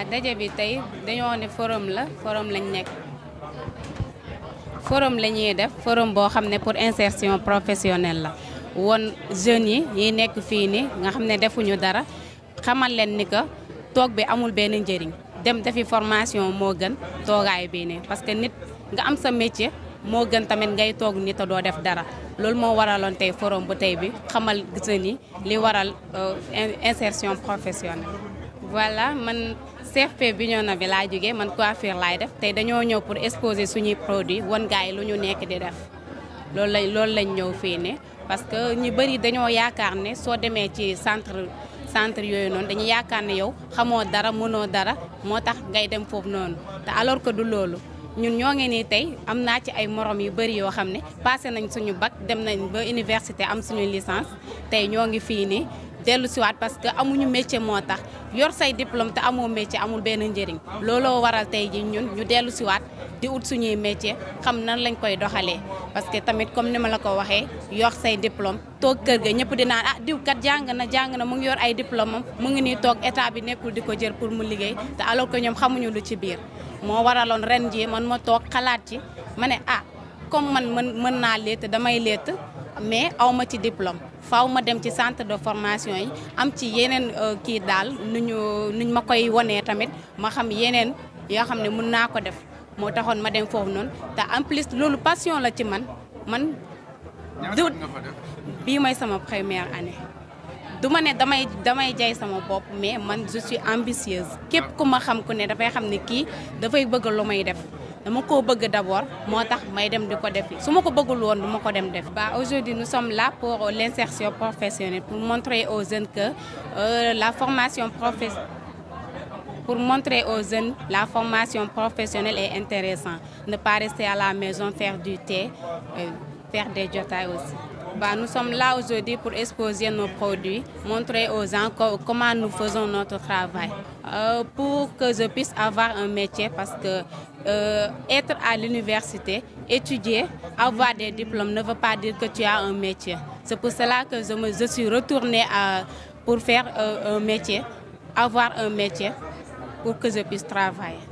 waaw daje bi tey dañoo ne forum la forum lañ nekk forum la ñuy def forum boo xam ne pour insertion professionnel la woon jeunes yi yi nekk fii nii nga xam ne defuñu dara xamal leen ni que toog bi amul benn njëriñ dem defi formation moo gën toogaay bii nii parce que nit nga am sa métier moo gën tamit ngay toog nit a doo def dara loolu moo waraloon tey forum bu tey bi xamal jeunes yi li waral euh, insertion professionnelle voilà man CFP Bignona bi laa jógee man coiffure laay def tey dañoo ñëw pour exposer suñuy produit wan gars yi lu ñu nekk di def loolu lañ loolu lañ ñëw fii ne parce que ñu bëri dañoo yaakaar ne soo demee ci centre centre yooyu noonu dañuy yaakaar ne yow xamoo dara mënoo dara moo tax ngay dem foofu noonu te alors que du loolu ñun ñoo ngi nii tey am naa ci ay morom yu bëri yoo xam ne passé nañ suñu bac dem nañ ba université am suñu licence tey ñoo ngi fii nii dellu siwaat parce que amuñu métier moo tax yor say diplôme te amoo métier amul benn njëriñ looloo waral tey ji ñun ñu dellu siwaat di ut suñuy métier xam nan lañ koy doxalee parce que tamit comme ni ma la ko waxee yor say diplôme toog kër ga ñëpp di naan ah diw kat jàng na jàng na mu ngi yor ay diplôme am mu ngi nii toog état bi nekkul di ko jël pour mu liggéey te alors ko ñoom xamuñu lu ci biir moo waraloon ren ji man ma toog xalaat ji ma ne ah comme man mën mën naa létt damay létt mais aw ma ci diplôme faw ma dem ci centre de formation yi am ci yeneen euh, kii daal nu ñu nuñ ma koy wonee tamit ma xam yeneen yoo xam ne mun naa ko def moo taxoon ma dem foofu noonu te en plus loolu passion la ci man man. du bii mooy sama première année. du ma ne damay damay jay sama bopp mais man je suis ambitieuse képp ku ma xam ku ne dafay xam ne kii dafay bëgg lu may def. aujourd'hui nous sommes là pour l'insertion professionnelle pour montrer aux jeunes que euh, la formation professionnelle montrer aux jeunes la formation professionnelle est intéressante. Ne pas rester à la maison, faire du thé, euh, faire des jotailles aussi. Bah, nous sommes là aujourd'hui pour exposer nos produits, montrer aux gens comment nous faisons notre travail. Euh, pour que je puisse avoir un métier parce que euh, être à l'université, étudier, avoir des diplômes ne veut pas dire que tu as un métier. C'est pour cela que je, me, suis retournée pour faire euh, un métier, avoir un métier pour que je puisse travailler.